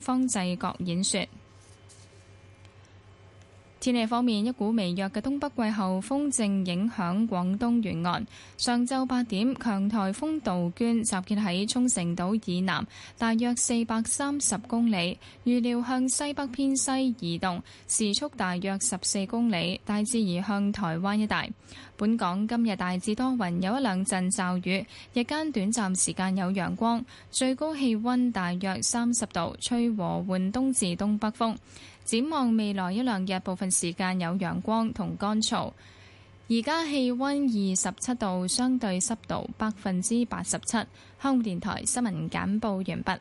方濟各演說。天氣方面，一股微弱嘅東北季候風正影響廣東沿岸。上晝八點，強颱風杜鵑集結喺沖繩島以南，大約四百三十公里，預料向西北偏西移動，時速大約十四公里，大致移向台灣一帶。本港今日大致多雲，有一兩陣驟雨，日間短暫時間有陽光，最高氣溫大約三十度，吹和緩東至東北風。展望未來一兩日，部分時間有陽光同乾燥。而家氣温二十七度，相對濕度百分之八十七。香港電台新聞簡報完畢。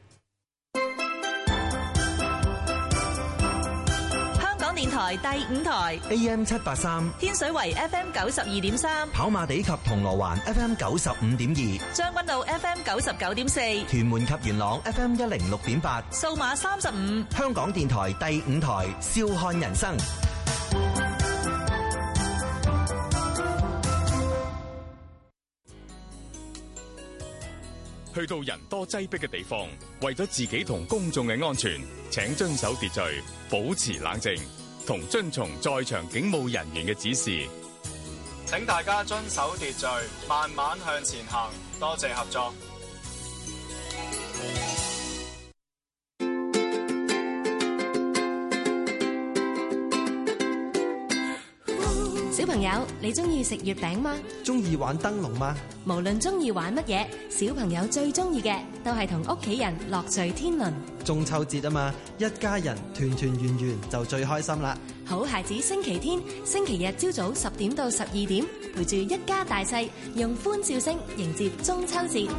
電台第五台 AM 七八三，天水圍 FM 九十二點三，跑馬地及銅鑼灣 FM 九十五點二，將軍澳 FM 九十九點四，屯門及元朗 FM 一零六點八，數碼三十五，香港電台第五台笑看人生。去到人多擠迫嘅地方，為咗自己同公眾嘅安全，請遵守秩序，保持冷靜。同遵從在場警務人員嘅指示。請大家遵守秩序，慢慢向前行。多謝合作。小朋友，你中意食月餅嗎？中意玩燈籠嗎？無論中意玩乜嘢，小朋友最中意嘅都係同屋企人樂聚天倫。中秋節啊嘛，一家人團團圓圓就最開心啦。好孩子，星期天、星期日朝早十點到十二點，陪住一家大細，用歡笑聲迎接中秋節。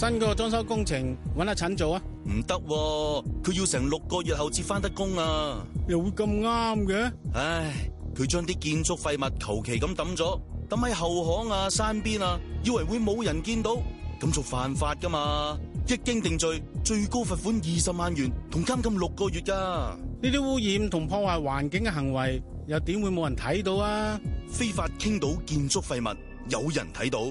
新嗰個裝修工程搵阿陳做啊？唔得，佢要成六個月後至翻得工啊！又會咁啱嘅？唉，佢將啲建築廢物求其咁抌咗，抌喺後巷啊、山邊啊，以為會冇人見到，咁做犯法噶嘛！一經定罪，最高罰款二十萬元，同監禁六個月噶啊。呢啲污染同破壞環境嘅行為，又點會冇人睇到啊？非法傾倒建築廢物，有人睇到。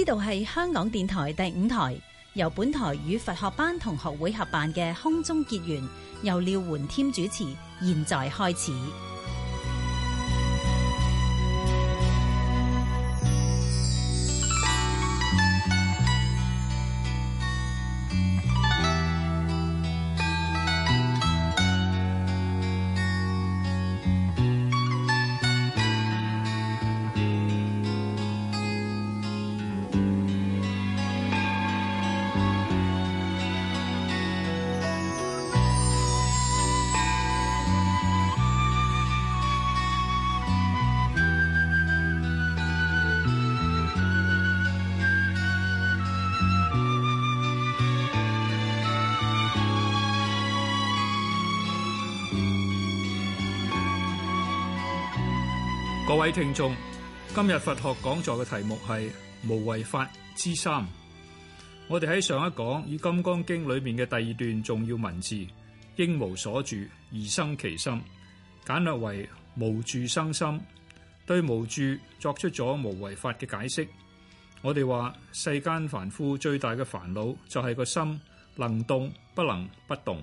呢度係香港電台第五台，由本台與佛學班同學會合辦嘅空中結緣，由廖煥添主持，現在開始。各位聽眾，今日佛學講座嘅題目係無為法之三。我哋喺上一講以《金剛經》裏面嘅第二段重要文字應無所住而生其心，簡略為無住生心，對無住作出咗無為法嘅解釋。我哋話世間凡夫最大嘅煩惱就係個心能動不能不動，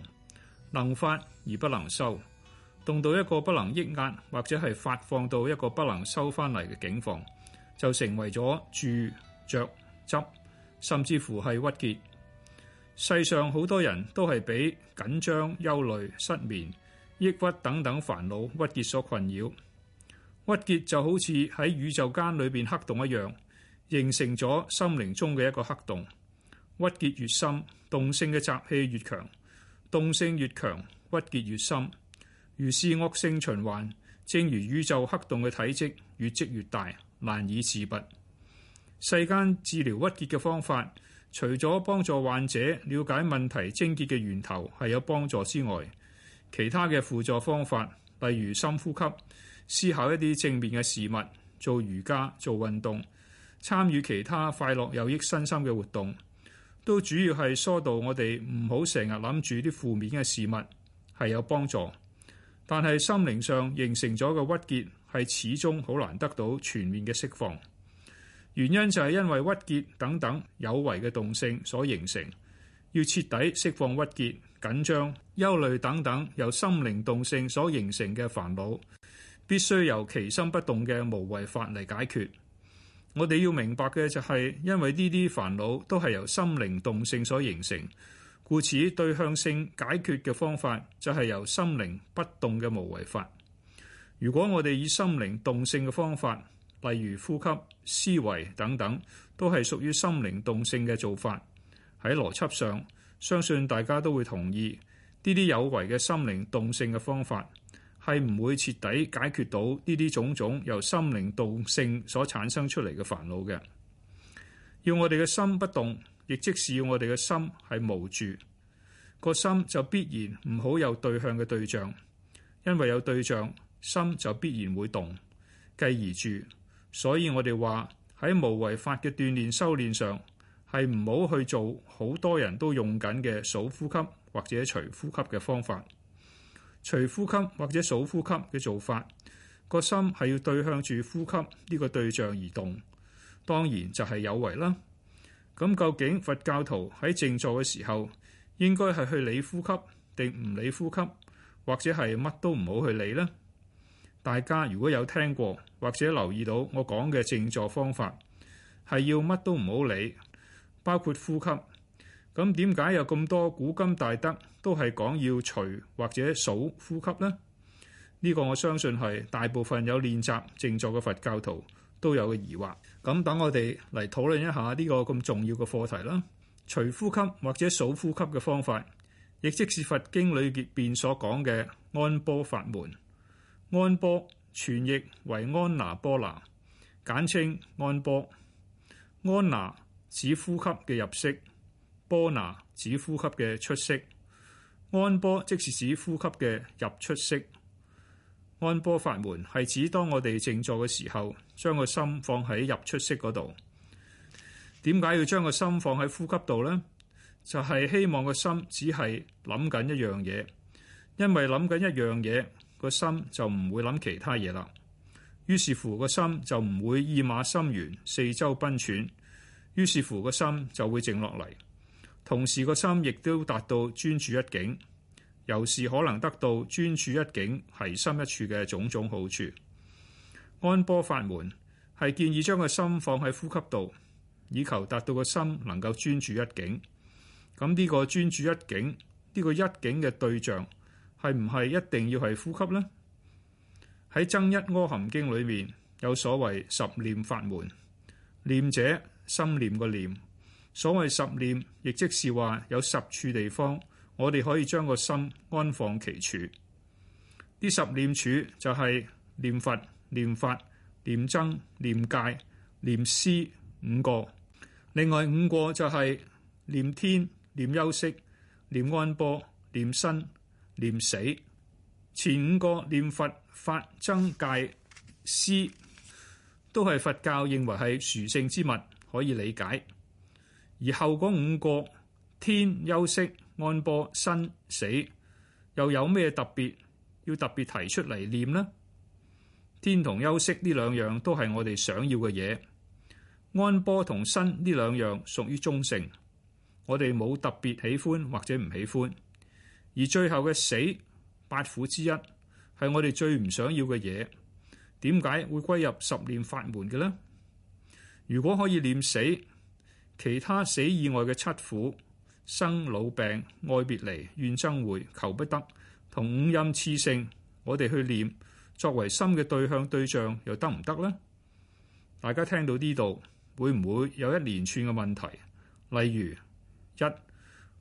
能發而不能收。凍到一個不能抑壓，或者係發放到一個不能收翻嚟嘅境況，就成為咗住着執，甚至乎係鬱結。世上好多人都係俾緊張、憂慮、失眠、抑鬱等等煩惱鬱結所困擾。鬱結就好似喺宇宙間裏邊黑洞一樣，形成咗心靈中嘅一個黑洞。鬱結越深，動性嘅雜氣越強，動性越強，鬱結越深。如是惡性循環，正如宇宙黑洞嘅體積越積越大，難以自拔。世間治療鬱結嘅方法，除咗幫助患者了解問題癥結嘅源頭係有幫助之外，其他嘅輔助方法，例如深呼吸、思考一啲正面嘅事物、做瑜伽、做運動、參與其他快樂有益身心嘅活動，都主要係疏導我哋唔好成日諗住啲負面嘅事物，係有幫助。但係心靈上形成咗嘅鬱結係始終好難得到全面嘅釋放，原因就係因為鬱結等等有為嘅動性所形成。要徹底釋放鬱結、緊張、憂慮等等由心靈動性所形成嘅煩惱，必須由其心不動嘅無為法嚟解決。我哋要明白嘅就係因為呢啲煩惱都係由心靈動性所形成。故此，對向性解決嘅方法就係由心靈不動嘅無為法。如果我哋以心靈動性嘅方法，例如呼吸、思維等等，都係屬於心靈動性嘅做法。喺邏輯上，相信大家都會同意，呢啲有為嘅心靈動性嘅方法係唔會徹底解決到呢啲種種由心靈動性所產生出嚟嘅煩惱嘅。要我哋嘅心不動。亦即係要我哋嘅心係無住，個心就必然唔好有對向嘅對象，因為有對象，心就必然會動，繼而住。所以我哋話喺無為法嘅鍛煉修煉上，係唔好去做好多人都用緊嘅數呼吸或者除呼吸嘅方法，除呼吸或者數呼吸嘅做法，個心係要對向住呼吸呢個對象而動，當然就係有為啦。咁究竟佛教徒喺靜坐嘅時候，應該係去理呼吸，定唔理呼吸，或者係乜都唔好去理呢？大家如果有聽過或者留意到我講嘅靜坐方法，係要乜都唔好理，包括呼吸。咁點解有咁多古今大德都係講要除或者數呼吸呢？呢個我相信係大部分有練習靜坐嘅佛教徒，都有嘅疑惑，咁等我哋嚟討論一下呢個咁重要嘅課題啦。隨呼吸或者數呼吸嘅方法，亦即是佛經裏邊所講嘅安波法門。安波全譯為安那波那，簡稱安波。安那指呼吸嘅入息，波那指呼吸嘅出息，安波即是指呼吸嘅入出息。安波法門係指當我哋靜坐嘅時候，將個心放喺入出息嗰度。點解要將個心放喺呼吸度呢？就係希望個心只係諗緊一樣嘢，因為諗緊一樣嘢，個心就唔會諗其他嘢啦。於是乎，個心就唔會意馬心猿，四周奔竄。於是乎，個心就會靜落嚟，同時個心亦都達到專注一境。由是可能得到專注一境係心一處嘅種種好處。安波法門係建議將個心放喺呼吸度，以求達到個心能夠專注一境。咁呢個專注一境，呢個一境嘅對象係唔係一定要係呼吸呢？喺《增一阿含經》裏面有所謂十念法門，念者心念個念，所謂十念，亦即是話有十處地方。我哋可以將個心安放其處。呢十念處就係念佛、念法、念僧、念戒、念思五個，另外五個就係念天、念休息、念安波、念身、念死。前五個念佛、法、僧、戒、思都係佛教認為係殊勝之物，可以理解。而後嗰五個天、休息、安波、身、死，又有咩特別要特別提出嚟念呢？天同休息呢兩樣都係我哋想要嘅嘢。安波同身呢兩樣屬於中性，我哋冇特別喜歡或者唔喜歡。而最後嘅死八苦之一，係我哋最唔想要嘅嘢。點解會歸入十念法門嘅呢？如果可以念死，其他死以外嘅七苦。生、老、病愛別離、怨憎會、求不得，同五陰熾盛，我哋去念作為心嘅對，對象對象，又得唔得呢？大家聽到呢度會唔會有一連串嘅問題？例如一，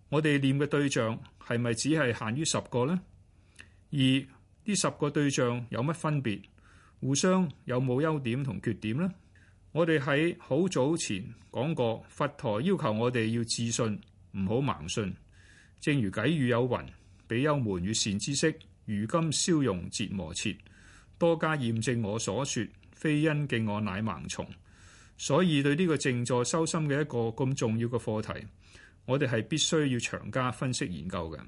我哋念嘅對象係咪只係限於十個呢？二，呢十個對象有乜分別？互相有冇優點同缺點呢？我哋喺好早前講過，佛陀要求我哋要自信。唔好盲信，正如偈語有云：比丘們與善知識，如金燒融折磨切，多加驗證我所説，非因敬我乃盲從。所以對呢個靜坐修心嘅一個咁重要嘅課題，我哋係必須要長加分析研究嘅。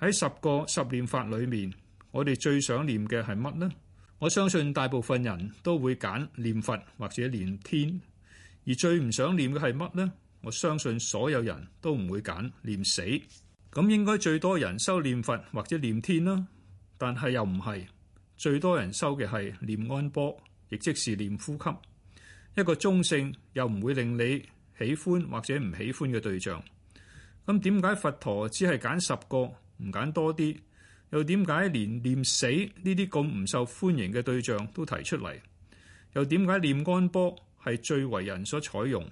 喺十個十念法裏面，我哋最想念嘅係乜呢？我相信大部分人都會揀念佛或者念天，而最唔想念嘅係乜呢？我相信所有人都唔會揀念死，咁應該最多人修念佛或者念天啦。但係又唔係，最多人修嘅係念安波，亦即是念呼吸，一個中性又唔會令你喜歡或者唔喜歡嘅對象。咁點解佛陀只係揀十個，唔揀多啲？又點解連念死呢啲咁唔受歡迎嘅對象都提出嚟？又點解念安波係最為人所採用？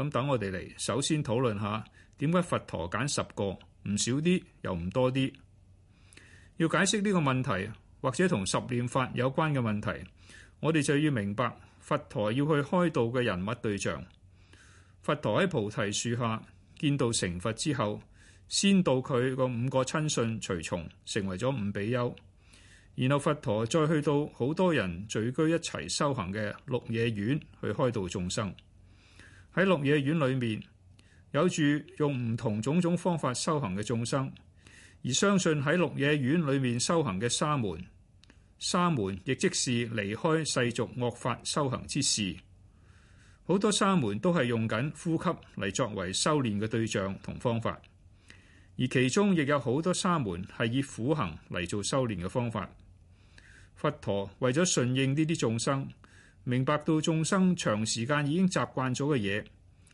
咁等我哋嚟，首先討論下點解佛陀揀十個，唔少啲又唔多啲。要解釋呢個問題或者同十念法有關嘅問題，我哋就要明白佛陀要去開導嘅人物對象。佛陀喺菩提樹下見到成佛之後，先到佢個五個親信隨從成為咗五比丘，然後佛陀再去到好多人聚居一齊修行嘅鹿野苑去開導眾生。喺鹿野苑裏面有住用唔同種種方法修行嘅眾生，而相信喺鹿野苑裏面修行嘅沙門，沙門亦即是離開世俗惡法修行之士。好多沙門都係用緊呼吸嚟作為修練嘅對象同方法，而其中亦有好多沙門係以苦行嚟做修練嘅方法。佛陀為咗順應呢啲眾生。明白到眾生長時間已經習慣咗嘅嘢，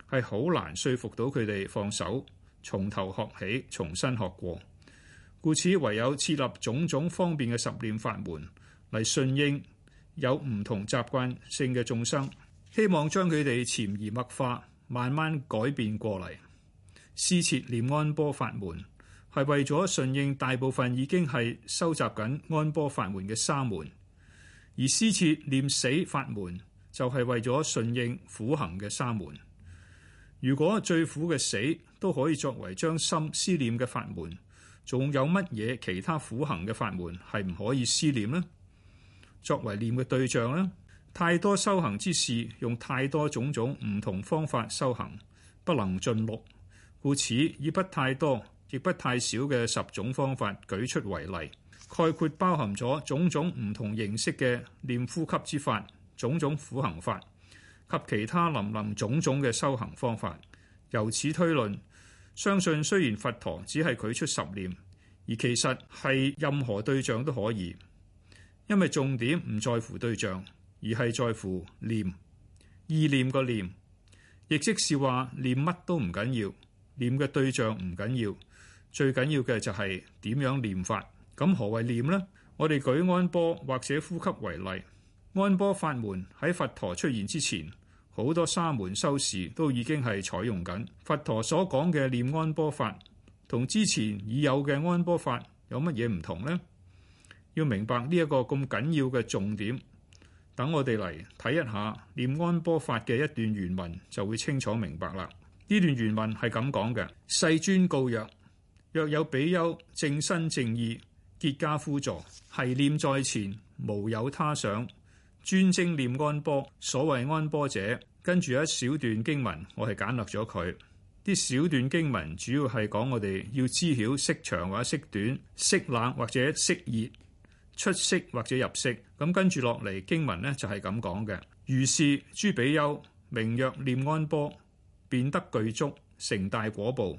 係好難說服到佢哋放手，從頭學起，重新學過。故此，唯有設立種種方便嘅十念法門嚟順應有唔同習慣性嘅眾生，希望將佢哋潛移默化，慢慢改變過嚟。施設念安波法門係為咗順應大部分已經係收集緊安波法門嘅沙門。而思切念死法門就係、是、為咗順應苦行嘅沙門。如果最苦嘅死都可以作為將心思念嘅法門，仲有乜嘢其他苦行嘅法門係唔可以思念呢？作為念嘅對象呢？太多修行之事，用太多種種唔同方法修行，不能盡錄，故此以不太多亦不太少嘅十種方法舉出為例。概括包含咗種種唔同形式嘅念呼吸之法，種種苦行法及其他林林種種嘅修行方法。由此推論，相信雖然佛陀只係舉出十念，而其實係任何對象都可以，因為重點唔在乎對象，而係在乎念意念個念，亦即是話念乜都唔緊要，念嘅對象唔緊要，最緊要嘅就係點樣念法。咁何謂念呢？我哋舉安波或者呼吸為例，安波法門喺佛陀出現之前，好多沙門修士都已經係採用緊。佛陀所講嘅念安波法同之前已有嘅安波法有乜嘢唔同呢？要明白呢一個咁緊要嘅重點，等我哋嚟睇一下念安波法嘅一段原文，就會清楚明白啦。呢段原文係咁講嘅：世尊告曰，若有比丘正身正意。結家夫助，繫念在前，無有他想，專精念安波。所謂安波者，跟住一小段經文，我係簡略咗佢。啲小段經文主要係講我哋要知曉息長或者息短，息冷或者息熱，出息或者入息。咁跟住落嚟經文呢，就係咁講嘅。如是諸比丘名曰念安波，便得具足，成大果報。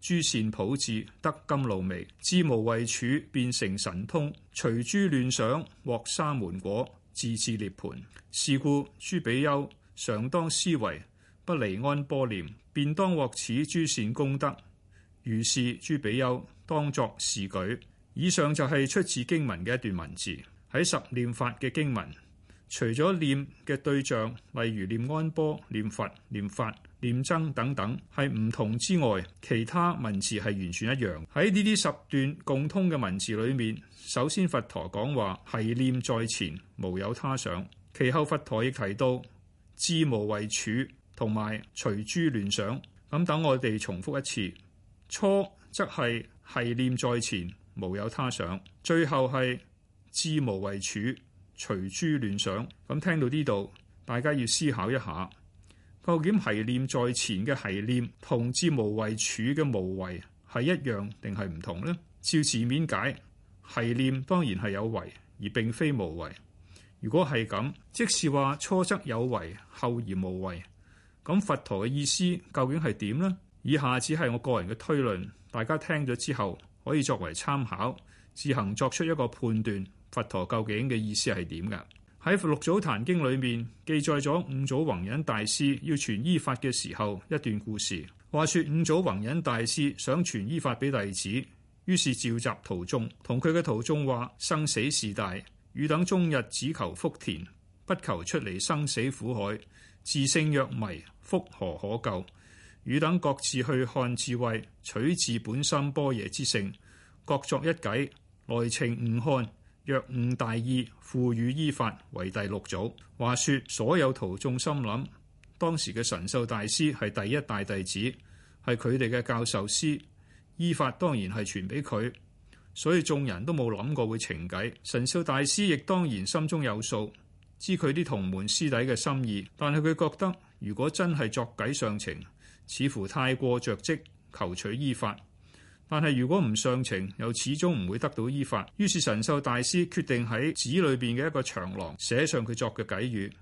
諸善普至，得甘露味，知無為處，變成神通，隨諸亂想獲沙門果，自致涅槃。是故諸比丘常當思維，不離安波念，便當獲此諸善功德。如是諸比丘當作是舉。以上就係出自經文嘅一段文字，喺十念法嘅經文，除咗念嘅對象，例如念安波、念佛、念法，念僧等等，係唔同之外，其他文字係完全一樣。喺呢啲十段共通嘅文字裏面，首先佛陀講話係念在前，無有他想。其後佛陀亦提到智無為處，同埋隨諸亂想。咁等我哋重複一次，初則係係念在前，無有他想；最後係智無為處，隨諸亂想。咁聽到呢度，大家要思考一下。究竟係念在前嘅係念同至無為處嘅無為係一樣定係唔同呢？照字面解，係念當然係有為，而並非無為。如果係咁，即是話初則有為，後而無為。咁佛陀嘅意思究竟係點呢？以下只係我個人嘅推論，大家聽咗之後可以作為參考，自行作出一個判斷。佛陀究竟嘅意思係點噶？喺六祖壇經裏面記載咗五祖弘忍大師要傳依法嘅時候一段故事。話說五祖弘忍大師想傳依法俾弟子，於是召集途中，同佢嘅途中話，生死事大，汝等終日只求福田，不求出離生死苦海。自勝若迷，福何可救？汝等各自去看智慧，取自本心波耶之性，各作一計來稱五漢。若悟大意，付予依法為第六組。話說，所有徒眾心諗，當時嘅神秀大師係第一大弟子，係佢哋嘅教授師，依法當然係傳俾佢。所以眾人都冇諗過會呈偈。神秀大師亦當然心中有數，知佢啲同門師弟嘅心意，但係佢覺得如果真係作偈上呈，似乎太過着迹求取依法。但係如果唔上情，又始終唔會得到衣法。於是神秀大師決定喺寺裏邊嘅一個長廊寫上佢作嘅偈語。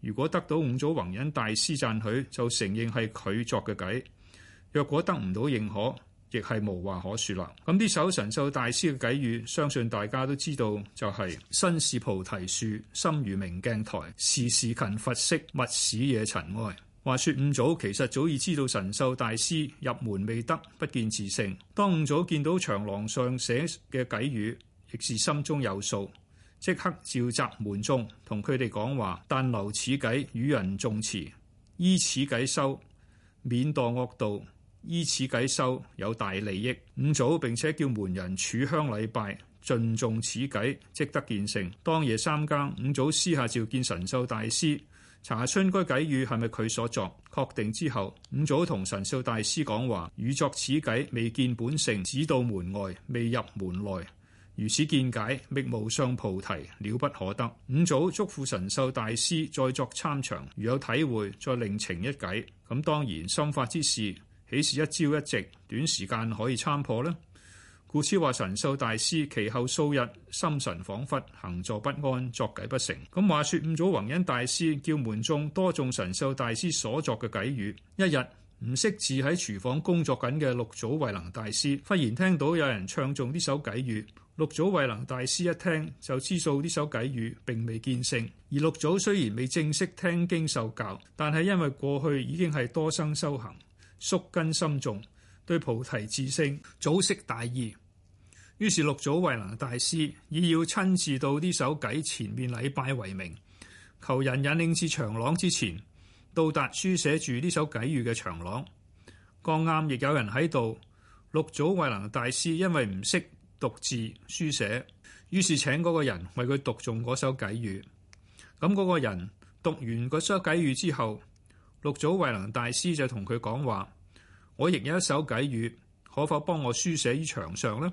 如果得到五祖弘忍大師讚許，就承認係佢作嘅偈；若果得唔到認可，亦係無話可說啦。咁呢首神秀大師嘅偈語，相信大家都知道，就是，就係身是菩提樹，心如明鏡台，時時勤拂拭，勿使惹塵埃。話説五祖其實早已知道神秀大師入門未得，不見自性。當五祖見到長廊上寫嘅偈語，亦是心中有數，即刻召集門眾同佢哋講話。但留此偈與人誦持，依此偈修，免墮惡道；依此偈修，有大利益。五祖並且叫門人炷香禮拜，盡誦此偈，即得見性。當夜三更，五祖私下召見神秀大師。查清該偈語係咪佢所作，確定之後，五祖同神秀大師講話：汝作此偈，未見本性，只到門外，未入門內。如此見解，覓無上菩提，了不可得。五祖囑咐神秀大師再作參詳，如有體會，再另呈一偈。咁當然心法之事，豈是一朝一夕短時間可以參破呢？故此話神秀大師其後數日，心神恍惚，行坐不安，作偈不成。咁話說五祖弘忍大師叫門眾多誦神秀大師所作嘅偈語。一日，唔識字喺廚房工作緊嘅六祖慧能大師忽然聽到有人唱誦呢首偈語。六祖慧能大師一聽就知數，呢首偈語並未見性。而六祖雖然未正式聽經受教，但係因為過去已經係多生修行，宿根深重，對菩提智性早識大義。於是六祖慧能大師以要親自到呢首偈前面禮拜為名，求人引領至長廊之前，到達書寫住呢首偈語嘅長廊。剛啱亦有人喺度。六祖慧能大師因為唔識讀字書寫，於是請嗰個人為佢讀誦嗰首偈語。咁嗰個人讀完嗰首偈語之後，六祖慧能大師就同佢講話：我亦有一首偈語，可否幫我書寫於牆上呢？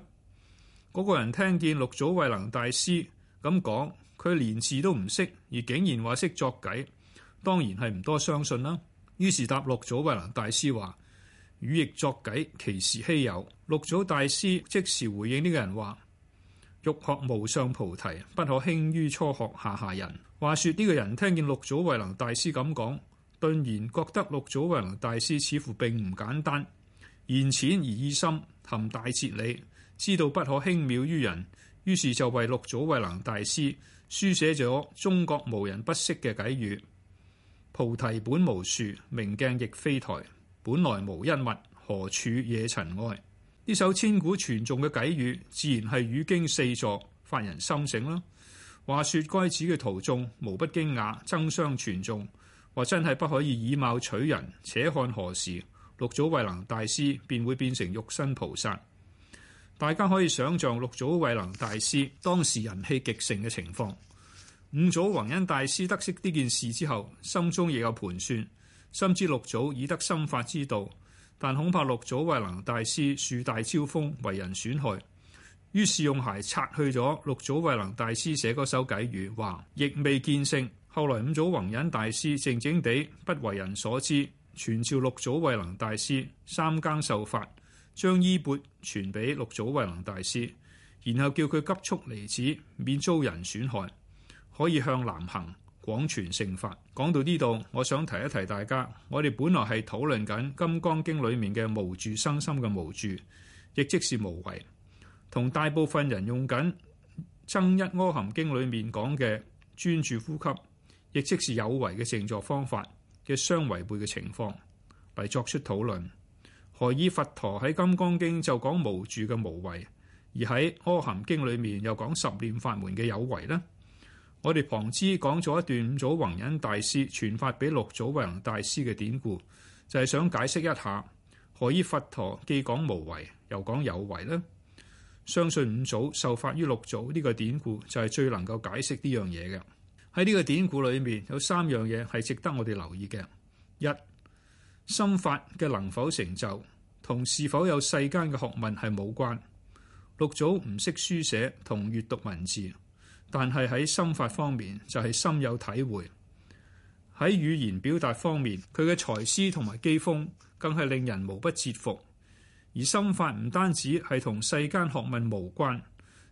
嗰個人聽見六祖慧能大師咁講，佢連字都唔識，而竟然話識作偈，當然係唔多相信啦。於是答六祖慧能大師話：汝亦作偈，其事稀有。六祖大師即時回應呢個人話：欲學無上菩提，不可輕於初學下下人。話説呢個人聽見六祖慧能大師咁講，頓然覺得六祖慧能大師似乎並唔簡單，言淺而意深，含大哲理。知道不可輕藐於人，於是就為六祖慧能大師書寫咗中國無人不識嘅偈語：菩提本無樹，明鏡亦非台，本來無一物，何處惹塵埃？呢首千古傳頌嘅偈語，自然係語經四座，發人心省啦。話説該子嘅途中無不驚訝，爭相傳頌，話真係不可以以貌取人，且看何時六祖慧能大師便會變成肉身菩薩。大家可以想象六祖慧能大師當時人氣極盛嘅情況。五祖弘忍大師得悉呢件事之後，心中亦有盤算，深知六祖已得心法之道，但恐怕六祖慧能大師樹大招風，為人損害，於是用鞋擦去咗六祖慧能大師寫嗰首偈語，話亦未見性。後來五祖弘忍大師靜靜地不為人所知，傳召六祖慧能大師三更受法。將衣缽傳俾六祖慧能大師，然後叫佢急速離寺，免遭人損害，可以向南行廣傳聖法。講到呢度，我想提一提大家，我哋本來係討論緊《金剛經》裏面嘅無住生心嘅無住，亦即是無為，同大部分人用緊《增一阿含經》裏面講嘅專注呼吸，亦即是有為嘅靜坐方法嘅相違背嘅情況嚟作出討論。何以佛陀喺《金剛經》就講無住嘅無為，而喺《阿含經》裏面又講十念法門嘅有為呢？我哋旁支講咗一段五祖弘忍大師傳法俾六祖慧能大師嘅典故，就係、是、想解釋一下何以佛陀既講無為又講有為呢？相信五祖受法於六祖呢、這個典故就係最能夠解釋呢樣嘢嘅。喺呢個典故裏面有三樣嘢係值得我哋留意嘅，一。心法嘅能否成就，同是否有世間嘅學問係冇關。六祖唔識書寫同閱讀文字，但係喺心法方面就係深有體會。喺語言表達方面，佢嘅才思同埋機鋒，更係令人無不折服。而心法唔單止係同世間學問無關，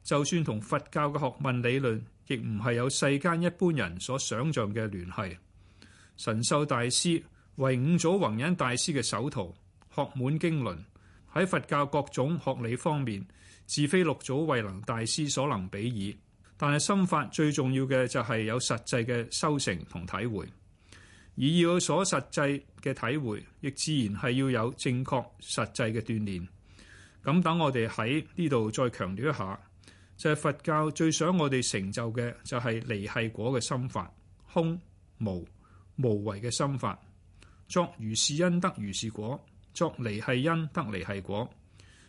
就算同佛教嘅學問理論，亦唔係有世間一般人所想象嘅聯繫。神秀大師。為五祖弘忍大師嘅首徒，學滿經論，喺佛教各種學理方面，自非六祖慧能大師所能比擬。但係心法最重要嘅就係有實際嘅修成同體會，而要有所實際嘅體會，亦自然係要有正確實際嘅鍛煉。咁等我哋喺呢度再強調一下，就係佛教最想我哋成就嘅就係離繫果嘅心法，空無無為嘅心法。作如是因得如是果，作離繫因得離繫果，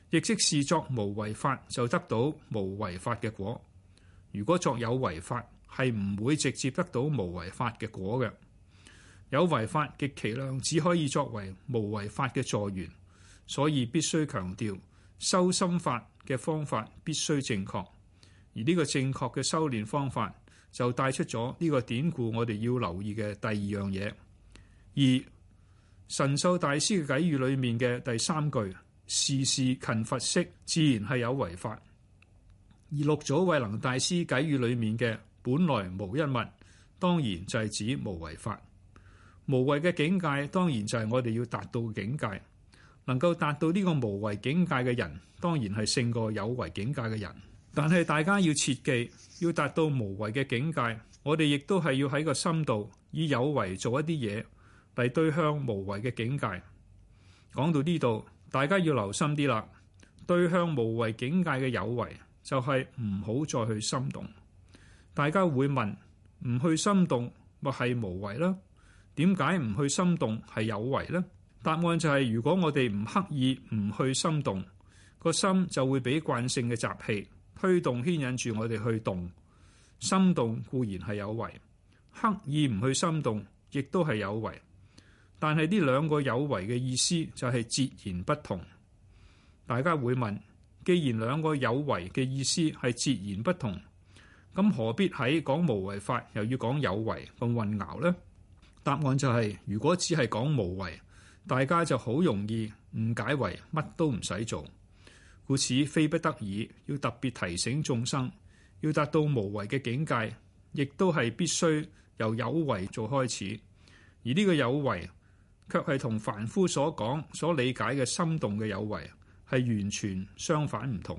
亦即是作無為法就得到無為法嘅果。如果作有為法，係唔會直接得到無為法嘅果嘅。有為法極其量只可以作為無為法嘅助緣，所以必須強調修心法嘅方法必須正確。而呢個正確嘅修煉方法就帶出咗呢個典故，我哋要留意嘅第二樣嘢，二。神秀大師嘅偈語裏面嘅第三句，時時勤拂拭，自然係有為法；而六祖慧能大師偈語裏面嘅本來無一物，當然就係指無為法。無為嘅境界，當然就係我哋要達到嘅境界。能夠達到呢個無為境界嘅人，當然係勝過有為境界嘅人。但係大家要切記，要達到無為嘅境界，我哋亦都係要喺個心度以有為做一啲嘢，係對向無為嘅境界，講到呢度，大家要留心啲啦。對向無為境界嘅有為就係唔好再去心動。大家會問：「唔去心動，咪係無為啦？點解唔去心動係有為呢？」答案就係如果我哋唔刻意唔去心動，個心就會俾慣性嘅習氣推動牽引住我哋去動。心動固然係有為，刻意唔去心動，亦都係有為。但係呢兩個有為嘅意思就係截然不同。大家會問：既然兩個有為嘅意思係截然不同，咁何必喺講無為法又要講有為咁混淆呢？答案就係：如果只係講無為，大家就好容易誤解為乜都唔使做，故此非不得已要特別提醒眾生要達到無為嘅境界，亦都係必須由有為做開始。而呢個有為，卻係同凡夫所講、所理解嘅心動嘅有為係完全相反唔同。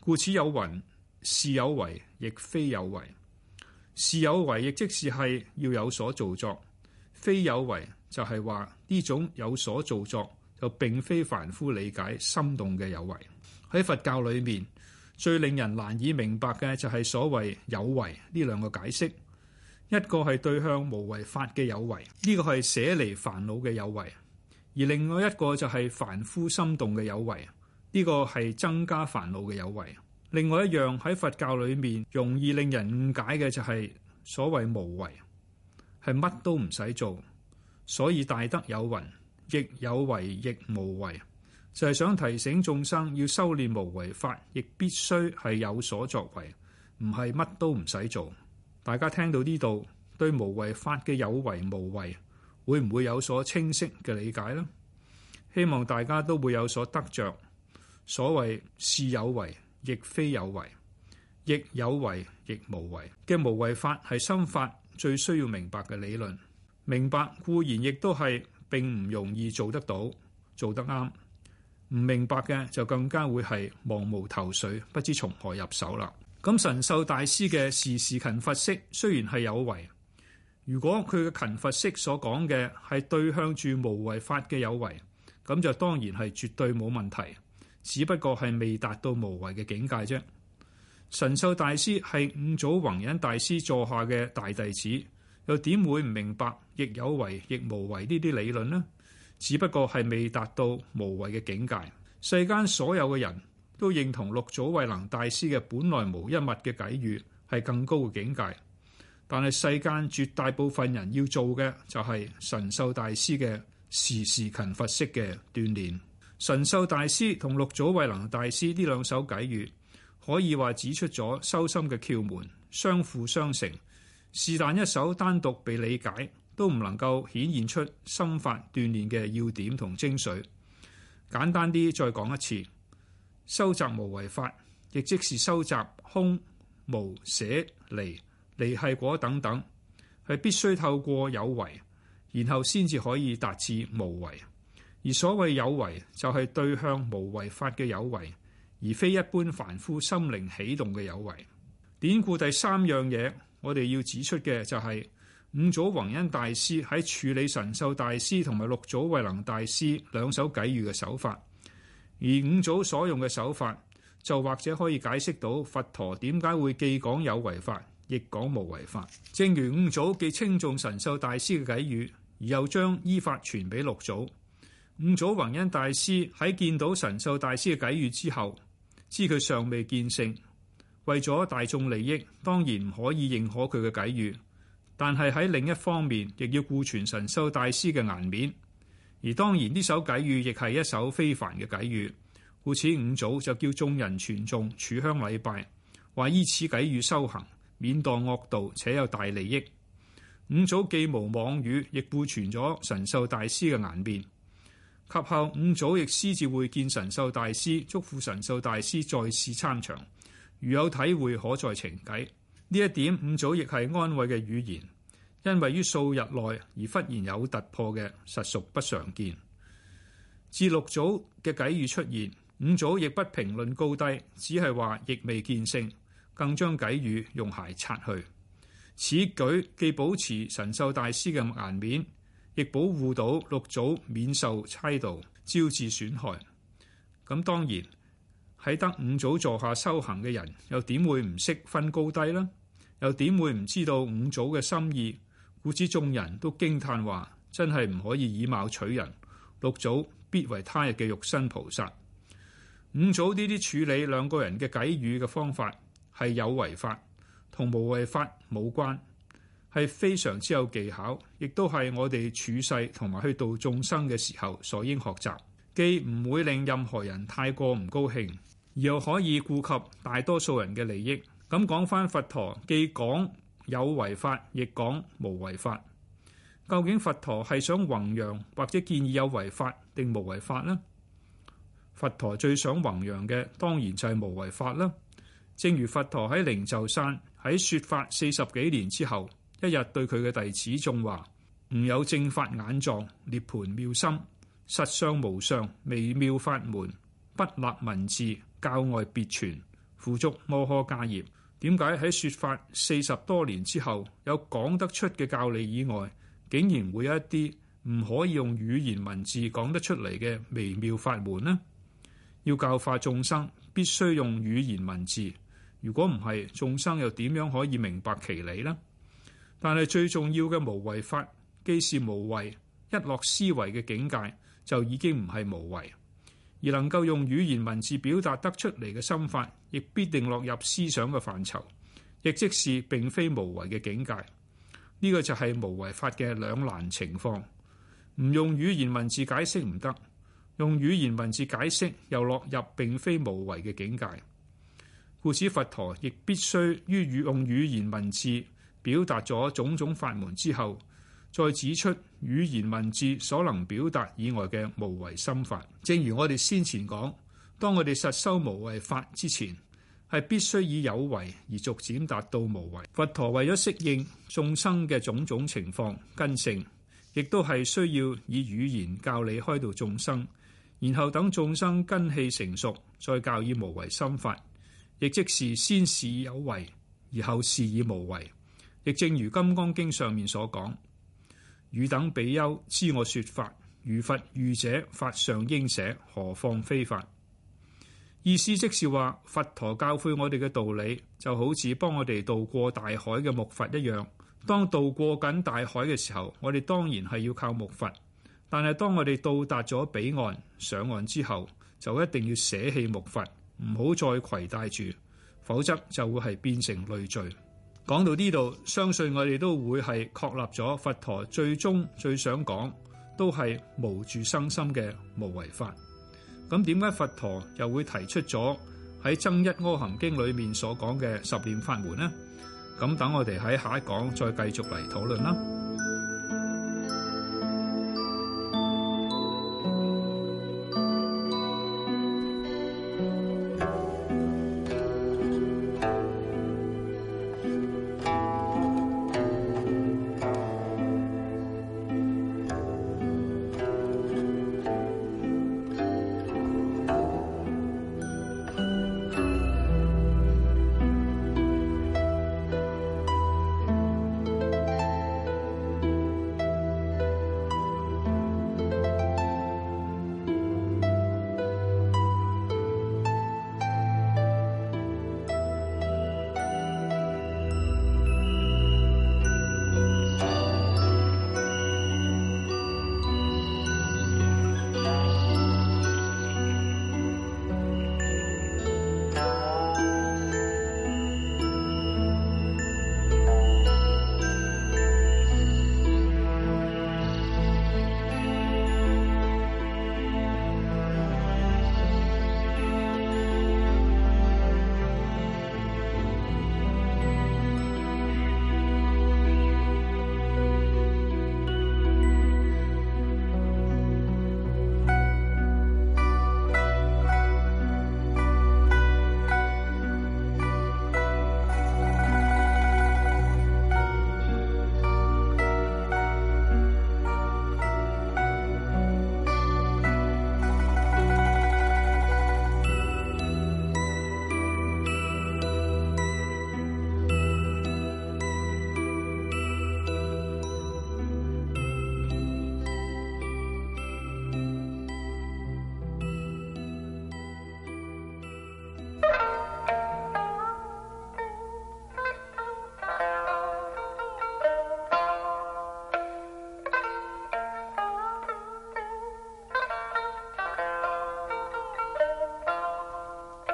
故此有云是有為，亦非有為；是有為，亦即是係要有所造作；非有為，就係話呢種有所造作就並非凡夫理解心動嘅有為。喺佛教裏面，最令人難以明白嘅就係所謂有為呢兩個解釋。一個係對向無為法嘅有為，呢個係捨離煩惱嘅有為；而另外一個就係凡夫心動嘅有為，呢個係增加煩惱嘅有為。另外一樣喺佛教裏面容易令人誤解嘅就係所謂無為，係乜都唔使做，所以大德有云：亦有為，亦無為，就係想提醒眾生要修煉無為法，亦必須係有所作為，唔係乜都唔使做。大家聽到呢度，對無為法嘅有為無為，會唔會有所清晰嘅理解呢？希望大家都會有所得着。所謂是有為，亦非有為；亦有為，亦無為嘅無為法，係心法最需要明白嘅理論。明白固然亦都係並唔容易做得到，做得啱。唔明白嘅就更加會係茫無頭緒，不知從何入手啦。咁神秀大師嘅時時勤拂拭，雖然係有為，如果佢嘅勤拂拭所講嘅係對向住無為法嘅有為，咁就當然係絕對冇問題，只不過係未達到無為嘅境界啫。神秀大師係五祖弘忍大師座下嘅大弟子，又點會唔明白亦有為亦無為呢啲理論呢？只不過係未達到無為嘅境界，世間所有嘅人。都認同六祖慧能大師嘅本來無一物嘅偈語係更高嘅境界，但係世間絕大部分人要做嘅就係、是、神秀大師嘅時時勤拂拭嘅鍛鍊。神秀大師同六祖慧能大師呢兩首偈語可以話指出咗修心嘅竅門，相輔相成。是但一首單獨被理解都唔能夠顯現出心法鍛鍊嘅要點同精髓。簡單啲再講一次。收集無為法，亦即是收集空、無捨、離、離係果等等，係必須透過有為，然後先至可以達至無為。而所謂有為，就係、是、對向無為法嘅有為，而非一般凡夫心靈起動嘅有為。典故第三樣嘢，我哋要指出嘅就係、是、五祖弘恩大師喺處理神秀大師同埋六祖慧能大師兩首偈語嘅手法。而五祖所用嘅手法，就或者可以解釋到佛陀點解會既講有為法，亦講無為法。正如五祖既稱重神秀大師嘅偈語，而又將依法傳俾六祖。五祖弘忍大師喺見到神秀大師嘅偈語之後，知佢尚未見性，為咗大眾利益，當然唔可以認可佢嘅偈語，但係喺另一方面，亦要顧全神秀大師嘅顏面。而當然，呢首偈語亦係一首非凡嘅偈語。故此，五祖就叫眾人全眾炷香禮拜，話依此偈語修行，免當惡道，且有大利益。五祖既無妄語，亦背傳咗神秀大師嘅顏面。及後，五祖亦私自會見神秀大師，囑咐神秀大師再次參詳，如有體會，可再呈偈。呢一點，五祖亦係安慰嘅語言。因為於數日內而忽然有突破嘅，實屬不常見。至六祖嘅偈語出現，五祖亦不評論高低，只係話亦未見性，更將偈語用鞋擦去。此舉既保持神秀大師嘅顏面，亦保護到六祖免受猜度，招致損害。咁當然喺得五祖座下修行嘅人，又點會唔識分高低呢？又點會唔知道五祖嘅心意？故此，眾人都驚嘆話真係唔可以以貌取人。六祖必為他日嘅肉身菩薩。五祖呢啲處理兩個人嘅偈語嘅方法係有為法同無為法冇關，係非常之有技巧，亦都係我哋處世同埋去度眾生嘅時候所應學習，既唔會令任何人太過唔高興，而又可以顧及大多數人嘅利益。咁講翻佛陀，既講，有為法亦講無為法，究竟佛陀係想弘揚或者建議有為法定無為法呢？佛陀最想弘揚嘅當然就係無為法啦。正如佛陀喺靈鷲山喺説法四十幾年之後，一日對佢嘅弟子眾話：吾有正法眼藏、涅槃妙心、實相無相、微妙法門、不立文字、教外別傳、付囑摩訶迦葉。點解喺説法四十多年之後有講得出嘅教理以外，竟然會有一啲唔可以用語言文字講得出嚟嘅微妙法門呢？要教化眾生，必須用語言文字。如果唔係，眾生又點樣可以明白其理呢？但係最重要嘅無為法，既是無為，一落思維嘅境界，就已經唔係無為。而能夠用語言文字表達得出嚟嘅心法，亦必定落入思想嘅範疇，亦即是並非無為嘅境界。呢、這個就係無為法嘅兩難情況。唔用語言文字解釋唔得，用語言文字解釋又落入並非無為嘅境界。故此，佛陀亦必須於用語言文字表達咗種種法門之後。再指出語言文字所能表達以外嘅無為心法，正如我哋先前講，當我哋實修無為法之前，係必須以有為而逐漸達到無為。佛陀為咗適應眾生嘅種種情況、根性，亦都係需要以語言教你開導眾生，然後等眾生根氣成熟，再教以無為心法，亦即是先是以有為，然後是以無為。亦正如《金剛經》上面所講。汝等比丘，知我說法，如佛喻者，法上應捨，何況非法？意思即是話，佛陀教誨我哋嘅道理，就好似幫我哋渡過大海嘅木筏一樣。當渡過緊大海嘅時候，我哋當然係要靠木筏；但係當我哋到達咗彼岸、上岸之後，就一定要捨棄木筏，唔好再攜帶住，否則就會係變成累贅。講到呢度，相信我哋都會係確立咗佛陀最終最想講，都係無住生心嘅無為法。咁點解佛陀又會提出咗喺增一阿含經裏面所講嘅十念法門呢？咁等我哋喺下一講再繼續嚟討論啦。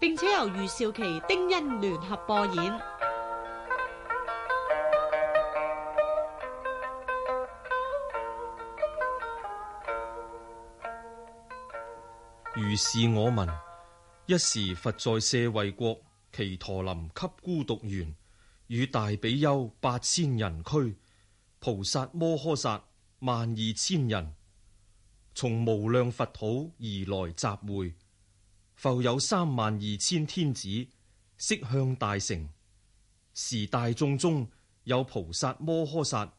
並且由余少奇、丁恩聯合播演。如是我聞，一時佛在舍衛國祇陀林給孤獨園，與大比丘八千人俱，菩薩摩訶薩萬二千人，從無量佛土而來集會。浮有三萬二千天子，識向大成時大眾，大眾中有菩薩摩訶薩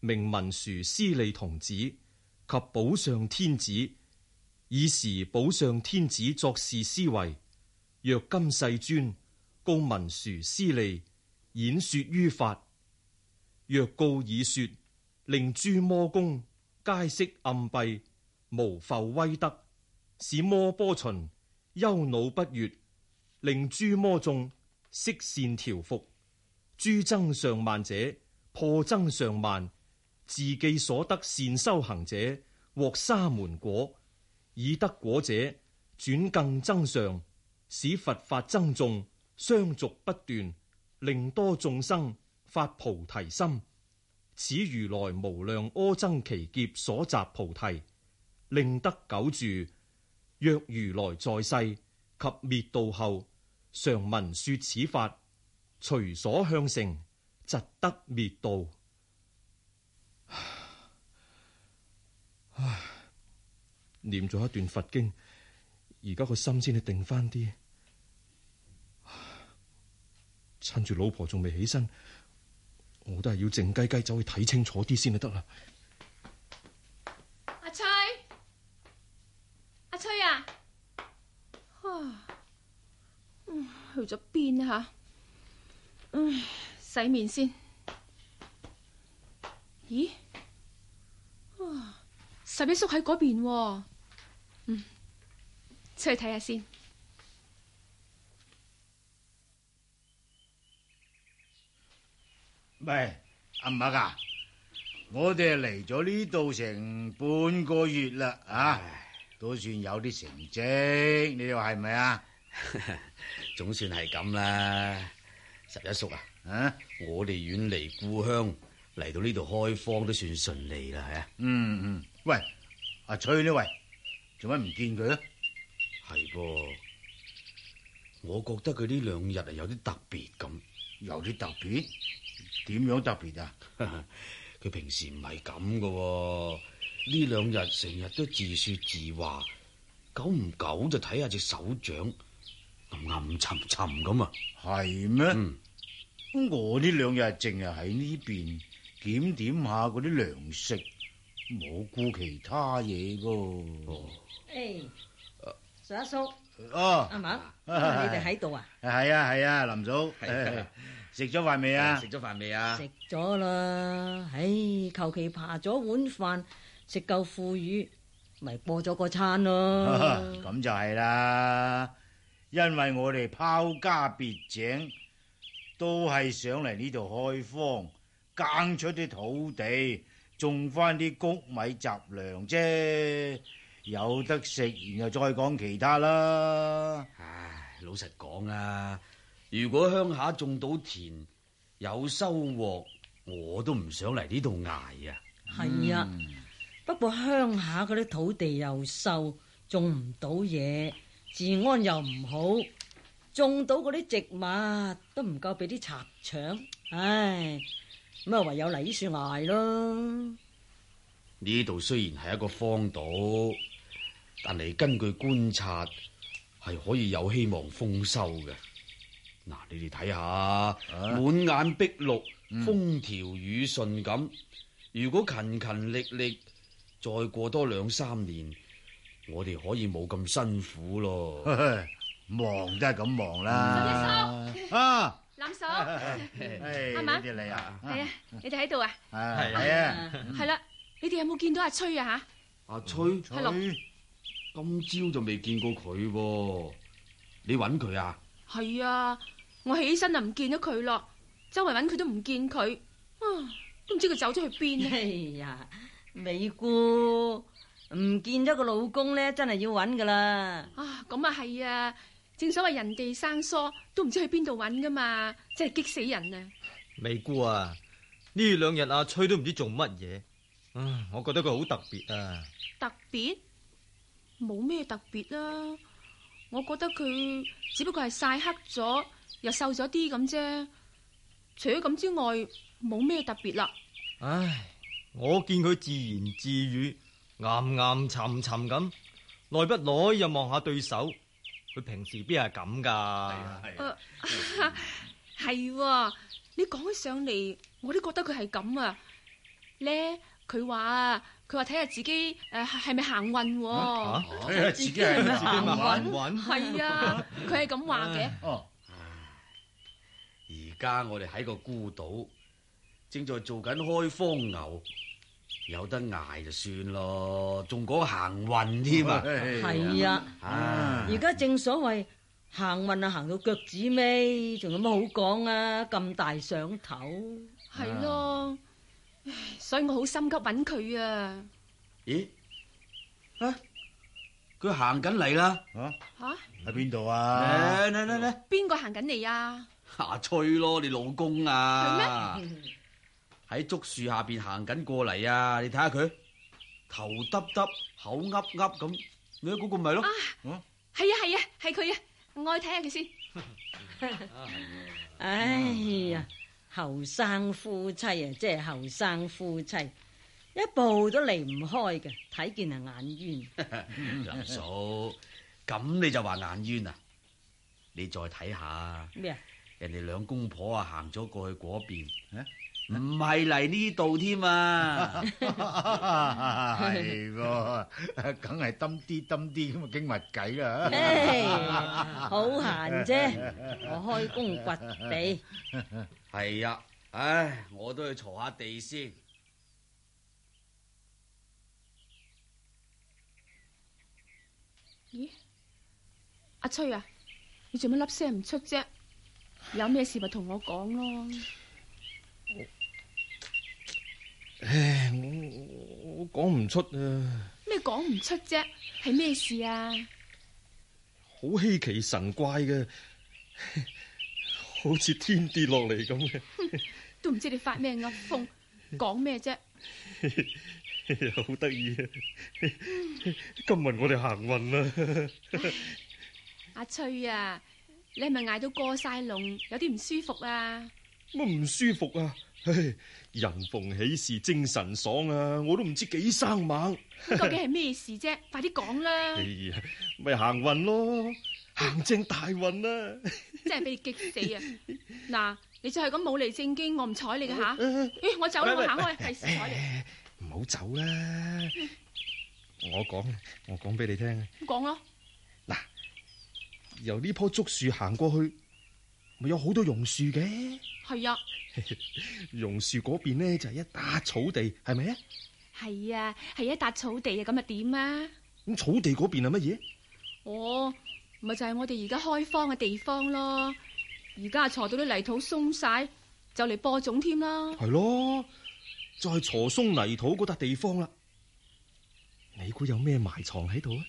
名文殊師利童子及寶上天子，以時寶上天子作事思維。若今世尊告文殊師利演說於法，若告以說，令諸魔宮皆識暗閉，無浮威德，使魔波群。憂惱不悅，令諸魔眾悉善調伏，諸增上慢者破增上慢，自記所得善修行者獲沙門果，以得果者轉更增上，使佛法增重相續不斷，令多眾生發菩提心，此如來無量阿僧祇劫所集菩提，令得久住。若如來在世及滅道後，常聞說此法，隨所向成，則得滅道。念咗一段佛經，而家個心先至定翻啲。趁住老婆仲未起身，我都係要靜雞雞走去睇清楚啲先就得啦。去咗邊啊？吓，唉，洗面先。咦，啊，十一叔喺嗰邊，嗯，出去睇下先。喂，阿媽啊，我哋嚟咗呢度成半個月啦，啊，都算有啲成績，你話係咪啊？總算係咁啦，十一叔啊，啊，我哋遠離故鄉嚟到呢度開荒都算順利啦，係啊、嗯。嗯嗯，喂，阿翠呢？喂，做乜唔見佢咧？係噃，我覺得佢呢兩日係有啲特別咁，有啲特別，點樣特別啊？佢 平時唔係咁噶，呢兩日成日都自說自話，久唔久就睇下隻手掌。暗沉沉咁啊，係咩？咁我呢兩日淨係喺呢邊檢點下嗰啲糧食，冇顧其他嘢噶。誒，十一叔，阿媽，你哋喺度啊？係啊係啊，林嫂，食咗飯未啊？食咗飯未啊？食咗啦，唉，求其扒咗碗飯，食夠腐乳，咪過咗個餐咯。咁就係啦。因為我哋拋家別井，都係想嚟呢度開荒，耕出啲土地，種翻啲谷米雜糧啫。有得食，然後再講其他啦。唉，老實講啊，如果鄉下種到田有收穫，我都唔想嚟呢度捱啊。係啊，嗯，不過鄉下嗰啲土地又瘦，種唔到嘢。治安又唔好，種到嗰啲植物都唔夠俾啲賊搶，唉，咁啊唯有黎樹芽咯。呢度雖然係一個荒島，但係根據觀察係可以有希望豐收嘅。嗱，你哋睇下，啊、滿眼碧綠，風調雨順咁。嗯、如果勤勤力力，再過多兩三年。我哋可以冇咁辛苦咯，忙都係咁忙啦。林嫂啊，林嫂係嘛？你啊，係啊，你哋喺度啊，係係啊，係啦。你哋有冇見到阿崔啊？吓，阿崔，崔，今朝就未見過佢喎。你揾佢啊？係啊，我起身就唔見咗佢咯。周圍揾佢都唔見佢，都唔知佢走咗去邊啊？哎呀，美姑。唔見咗個老公咧，真係要揾噶啦！啊，咁啊係啊！正所謂人哋生疏，都唔知去邊度揾噶嘛，真係激死人啊！未姑啊，呢兩日阿翠都唔知做乜嘢，嗯，我覺得佢好特別啊！特別？冇咩特別啦，啊，我覺得佢只不過係晒黑咗，又瘦咗啲咁啫。除咗咁之外，冇咩特別啦。唉，我見佢自言自語。暗暗沉沉咁，耐不耐又望下對手，佢平時邊係咁噶？係啊係啊，係。你講起上嚟，我都覺得佢係咁啊。咧，佢話啊，佢話睇下自己誒係咪行運？睇下自己係咪行運？係啊，佢係咁話嘅。哦，而家我哋喺個孤島，正在做緊開荒牛。有得挨就算咯，仲講行運添啊！係啊，而家正所謂行運啊，行到腳趾尾，仲有乜好講啊？咁大上頭，係咯，所以我好心急揾佢啊！咦？啊，佢行緊嚟啦！吓？喺邊度啊？嚟嚟嚟！邊個行緊嚟啊？吓！翠咯，你老公啊？係咩？喺竹樹下邊行緊過嚟啊！你睇下佢頭耷耷，口噏噏咁，你嗰個咪咯？嗯，係啊係啊，係佢啊！我去睇下佢先。哎呀，後生夫妻啊，即係後生夫妻，一步都離唔開嘅，睇見啊眼冤。阿嫂，咁你就話眼冤啊？你再睇下咩啊？人哋兩公婆啊，行咗過去嗰邊。唔係嚟呢度添啊！係喎，梗係斟啲斟啲咁啊，傾密計啦！好閒啫，我開工掘地。係呀，唉，我都去鋤下地先。咦？阿崔啊，你做乜粒聲唔出啫？有咩事咪同我講咯。唉，我我講唔出啊！咩講唔出啫？啊？係咩事啊？好稀奇神怪嘅，好似天跌落嚟咁嘅。 都唔知你發咩噏風，講咩啫？好得意啊！啊 趣啊 今日我哋行運啊 ！阿翠啊，你係咪挨到過晒龍，有啲唔舒服啊？乜唔舒服啊？唉！人逢喜事精神爽啊！我都唔知幾生猛、啊，究竟係咩事啫？快啲講啦！咪行運咯，行正大運啦！ 真係俾你激死啊！嗱，你就係咁冇嚟正經，我唔睬你㗎吓、啊哎。我，走，我，走，我走，走啦，我行開，係唔好走啦，我講，我講俾你聽。講咯，嗱，由呢棵竹樹行過去。咪有好多榕樹嘅，係是啊！ 榕樹嗰邊呢就係一笪草地，係咪啊？係、哦就是、啊，係一笪草地啊！咁啊點啊？咁草地嗰邊係乜嘢？哦，咪就係我哋而家開荒嘅地方咯。而家鋤到啲泥土鬆晒，就嚟播種添啦。係咯，就係鋤鬆泥土嗰笪地方啦。你估有咩埋藏喺度啊？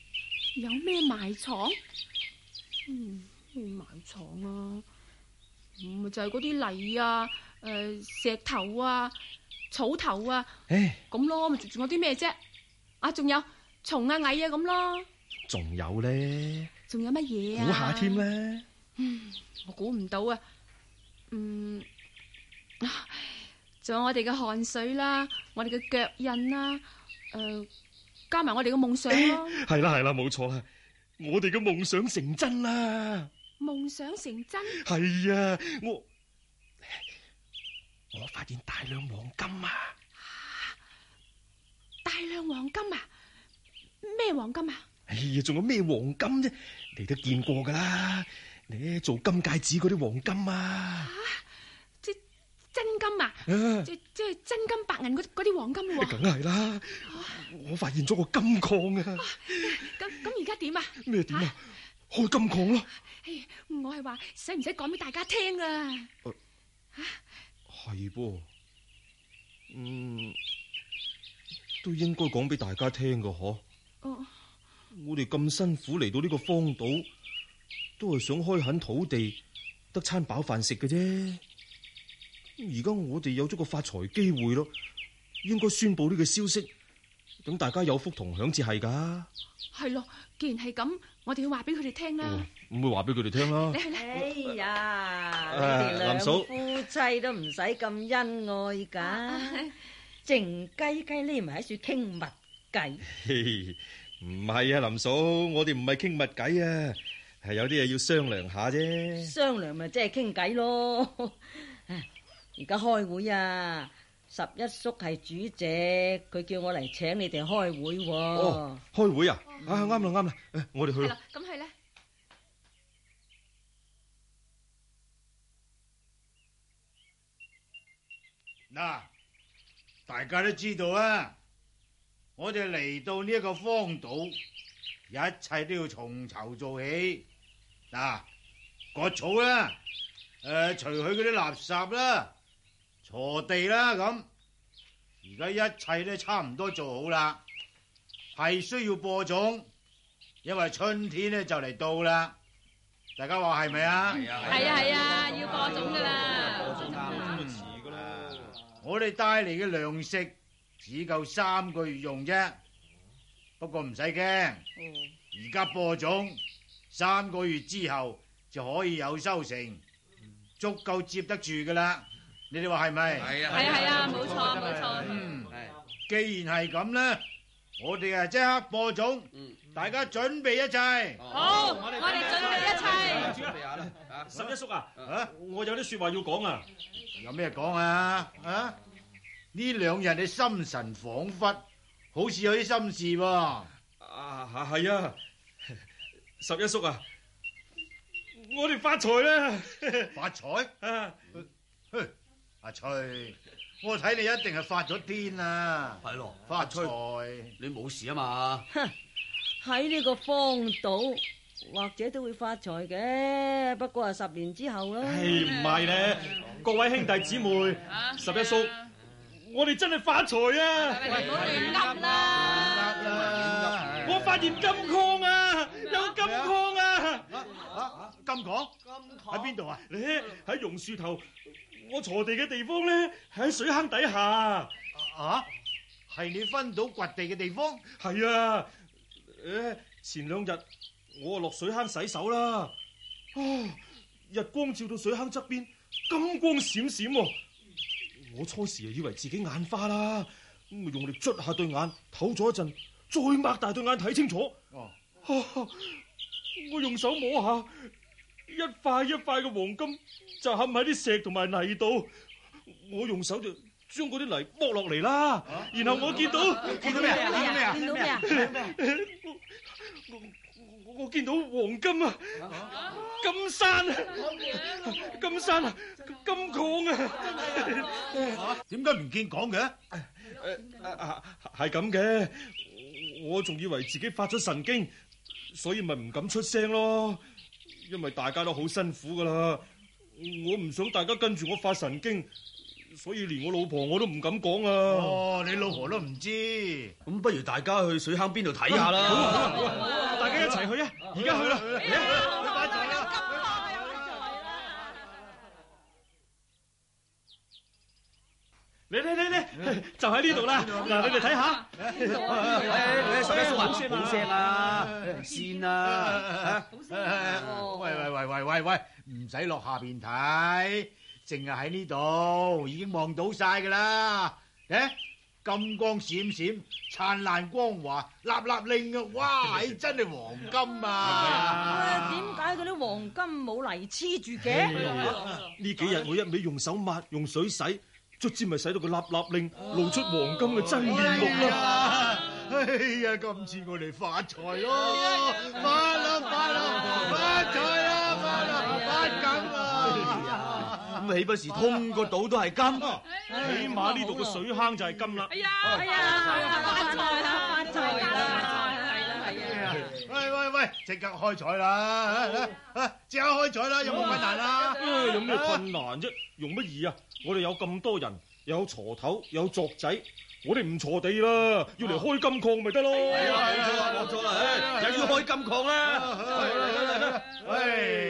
有咩埋藏？嗯，咩埋藏啊？咪就係嗰啲泥啊，誒、呃、石頭啊，草頭啊，咁、欸、咯，咪仲有啲咩啫？啊，仲有蟲啊、蟻啊咁咯。仲有咧？仲有乜嘢啊？估下添啦。嗯，我估唔到啊。嗯，仲、啊、有我哋嘅汗水啦、啊，我哋嘅腳印啦、啊，誒、呃，加埋我哋嘅夢想咯、啊。係啦係啦，冇錯啦，我哋嘅夢想成真啦。夢想成真？係啊！我我發現大量黃金啊！大量黃金啊！咩黃金啊？哎呀，仲有咩黃金啫？你都見過噶啦，你做金戒指嗰啲黃金啊？即、啊、真金啊？即即、啊、真金白銀嗰啲黃金咯、啊？梗係啦！我我發現咗個金礦啊！咁咁而家點啊？咩點啊？開金礦啦！啊、我係話使唔使講俾大家聽啊？吓、啊，係噃，嗯，都應該講俾大家聽噶，嗬、哦。我我哋咁辛苦嚟到呢個荒島，都係想開墾土地，得餐飽飯食嘅啫。而家我哋有咗個發財機會咯，應該宣佈呢個消息，等大家有福同享至係噶。係咯，既然係咁。我哋要話俾佢哋聽啦，唔會話俾佢哋聽咯。哎呀，啊、你哋兩夫妻都唔使咁恩愛噶，靜雞雞匿埋喺處傾密偈。唔、啊、係啊，林嫂，我哋唔係傾密偈啊，係有啲嘢要商量下啫。商量咪即係傾偈咯，而家開會啊。十一叔係主席，佢叫我嚟請你哋開會。哦。哦，開會啊！哦、啊，啱啦啱啦，我哋去啦。咁係咧？嗱，大家都知道啊，我哋嚟到呢一個荒島，一切都要從頭做起。嗱、呃，割草啦、啊，誒、呃，除去嗰啲垃圾啦，啊。鋤地啦咁，而家一切都差唔多做好啦，係需要播種，因為春天呢就嚟到啦。大家話係咪啊？係啊係啊，要播種噶啦。遲噶啦。我哋帶嚟嘅糧食只夠三個月用啫，不過唔使驚，而家播種，三個月之後就可以有收成，足夠接得住噶啦。你哋話係咪？係啊，係啊，冇錯，冇錯。嗯，既然係咁呢，我哋啊即刻播種，大家準備一切。好，我哋準備一切。十一叔啊，啊，我有啲說話要講啊。有咩講啊？啊，呢兩日你心神恍惚，好似有啲心事喎。啊，係啊，十一叔啊，我哋發財啦！發財啊，哼！阿翠，我睇你一定係發咗癲啦！係咯，發財，你冇事啊嘛？喺呢個荒島，或者都會發財嘅，不過係十年之後啦。唉，唔係咧，各位兄弟姊妹，十一叔，我哋真係發財啊！唔好亂噏啦！我發現金礦啊，有金礦啊！啊啊！金礦？金礦喺邊度啊？喺榕樹頭。我鋤地嘅地方咧，喺水坑底下啊！係你分到掘地嘅地方？係啊！前兩日我啊落水坑洗手啦，哦，日光照到水坑側邊，金光閃閃。我初時就以為自己眼花啦，咁啊用力捽下對眼，唞咗一陣，再擘大對眼睇清楚，哦啊。我用手摸下，一塊一塊嘅黃金。就陷喺啲石同埋泥度，我用手就將嗰啲泥剝落嚟啦。然後我見到見到咩啊？見到咩啊？見到咩啊？我我我見到黃金啊！金山啊！金山啊！金礦啊！點解唔見講嘅？係咁嘅，我仲以為自己發咗神經，所以咪唔敢出聲咯。因為大家都好辛苦噶啦。我唔想大家跟住我發神經，所以連我老婆我都唔敢講啊！你老婆都唔知，咁不如大家去水坑邊度睇下啦！大家一齊去啊！而家去啦！大家急啦！嚟嚟嚟嚟，就喺呢度啦！嗱，你哋睇下，呢度啊！你你數一數啊！好聲啦，先啦吓！好些哦！喂喂喂喂喂喂！唔使落下邊睇，淨係喺呢度已經望到晒噶啦！誒，金光閃閃、燦爛光華、立立令啊，哇！真係黃金啊！點解嗰啲黃金冇泥黐住嘅？呢幾日我一味用手抹、用水洗，卒之咪使到個立立令露出黃金嘅真面目咯！哎呀，今次我嚟發財咯！發咯發咯，發財！起不是通個島都係金，起碼呢度個水坑就係金啦。哎呀哎呀，發財啦發財啦，係啊！喂喂喂，即刻開採啦，即刻開採啦，有冇困難啊？有咩困難啫？容乜易啊？我哋有咁多人，有鋤頭，有鑿仔，我哋唔鋤地啦，要嚟開金礦咪得咯。冇錯啦，冇錯啦，又要開金礦啦。哎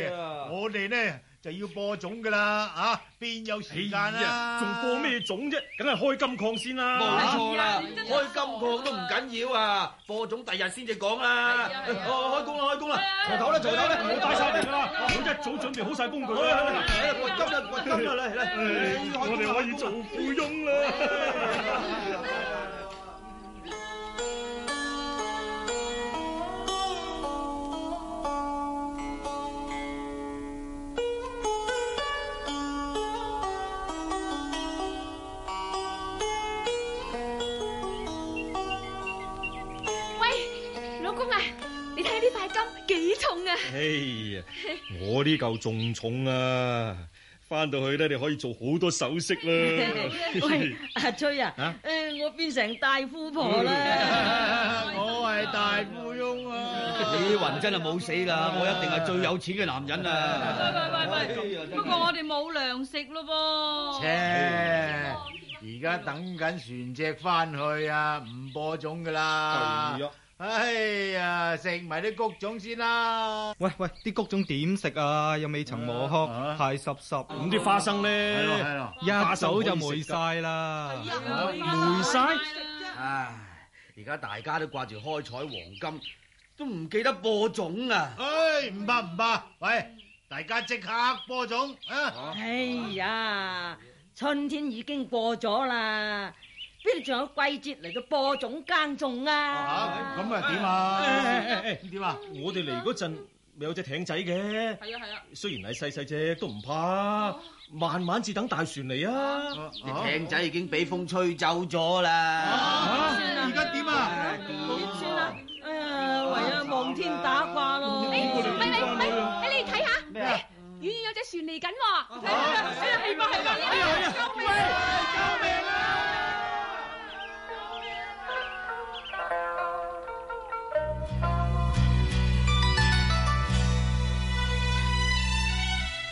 呀，我哋呢？就要播種噶啦，啊，邊有時間啊？仲播咩種啫？梗係開金礦先啦，冇錯啦，開金礦都唔緊要啊，播種第日先至講啦。哦，開工啦，開工啦！鋤頭咧，鋤頭咧，我帶晒嚟啦，我一早準備好晒工具啦。今日掘金啦嚟嚟，我哋可以做富翁啦。哎呀，我呢嚿仲重啊！翻到去咧，你可以做好多首飾啦。喂，阿崔啊，我變成大富婆啦！我係大富翁啊！你云真係冇死啦，我一定係最有錢嘅男人啊！喂喂喂喂，不過我哋冇糧食咯噃。切，而家等緊船隻翻去啊，唔播種噶啦。哎呀，食埋啲穀種先啦！喂喂，啲穀種點食啊？又未曾磨殼，啊、太濕濕。咁啲、啊、花生咧，係咯係咯、一手就霉晒啦，霉晒！唉，而家大家都掛住開採黃金，都唔記得播種啊！唉、哎，唔怕唔怕，喂、哎，大家即刻播種啊！哎，哎呀，春天已經過咗啦。邊度仲有季節嚟到播種耕種啊？咁啊點啊？點啊？我哋嚟嗰陣咪有隻艇仔嘅。係啊係啊。雖然係細細隻都唔怕，慢慢至等大船嚟啊！隻艇仔已經俾風吹走咗啦。而家點啊？點算啊，哎呀，唯有望天打卦咯。哎，喂喂，哎，你睇下，遠遠有隻船嚟緊喎。好，係咪係咪？救命啊！救命啊！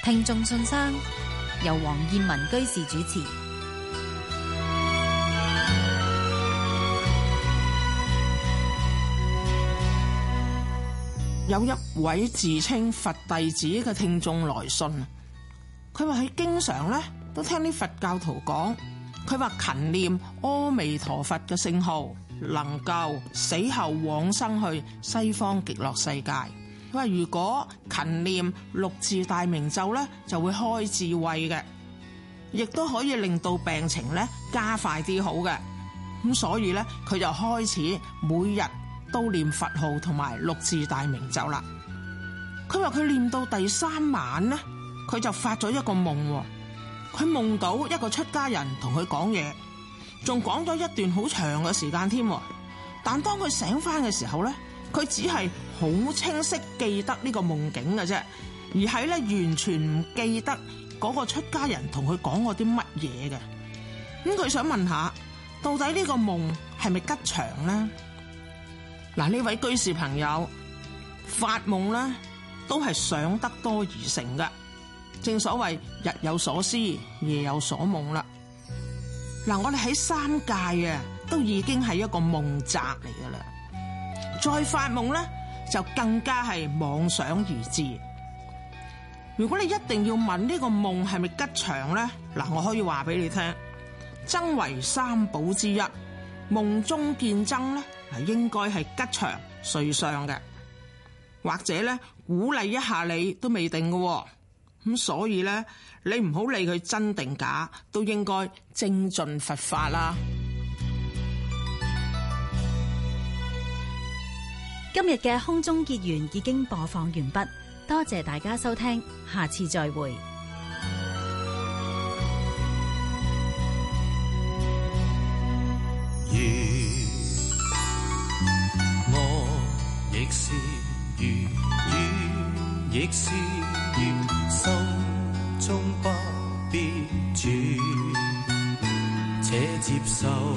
聽眾信聲，由黃燕文居士主持。有一位自稱佛弟子嘅聽眾來信，佢話佢經常咧都聽啲佛教徒講，佢話勤念阿彌陀佛嘅聖號，能夠死後往生去西方極樂世界。佢話如果勤念六字大明咒咧，就會開智慧嘅，亦都可以令到病情咧加快啲好嘅。咁所以咧，佢就開始每日都念佛號同埋六字大明咒啦。佢話佢念到第三晚咧，佢就發咗一個夢，佢夢到一個出家人同佢講嘢，仲講咗一段好長嘅時間添。但當佢醒返嘅時候咧，佢只係好清晰記得呢個夢境嘅啫，而係咧完全唔記得個出家人同佢講過啲乜嘢嘅。咁、嗯、佢想問下，到底呢個夢係咪吉祥咧？嗱，呢位居士朋友，發夢咧都係想得多而成嘅，正所謂日有所思，夜有所夢啦。嗱，我哋喺三界啊，都已經係一個夢宅嚟噶啦。再發夢呢，就更加係妄想而至。如果你一定要問呢個夢係咪吉祥呢，嗱，我可以話俾你聽，僧為三寶之一，夢中見僧呢，係應該係吉祥瑞相嘅，或者呢，鼓勵一下你都未定嘅。咁所以呢，你唔好理佢真定假，都應該精進佛法啦。今日嘅空中結緣已經播放完畢，多謝大家收聽，下次再會。緣，我亦是緣，緣亦是緣，心中不必轉，且接受。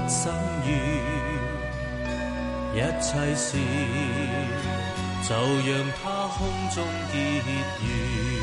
不心願，一切事就讓它空中結緣。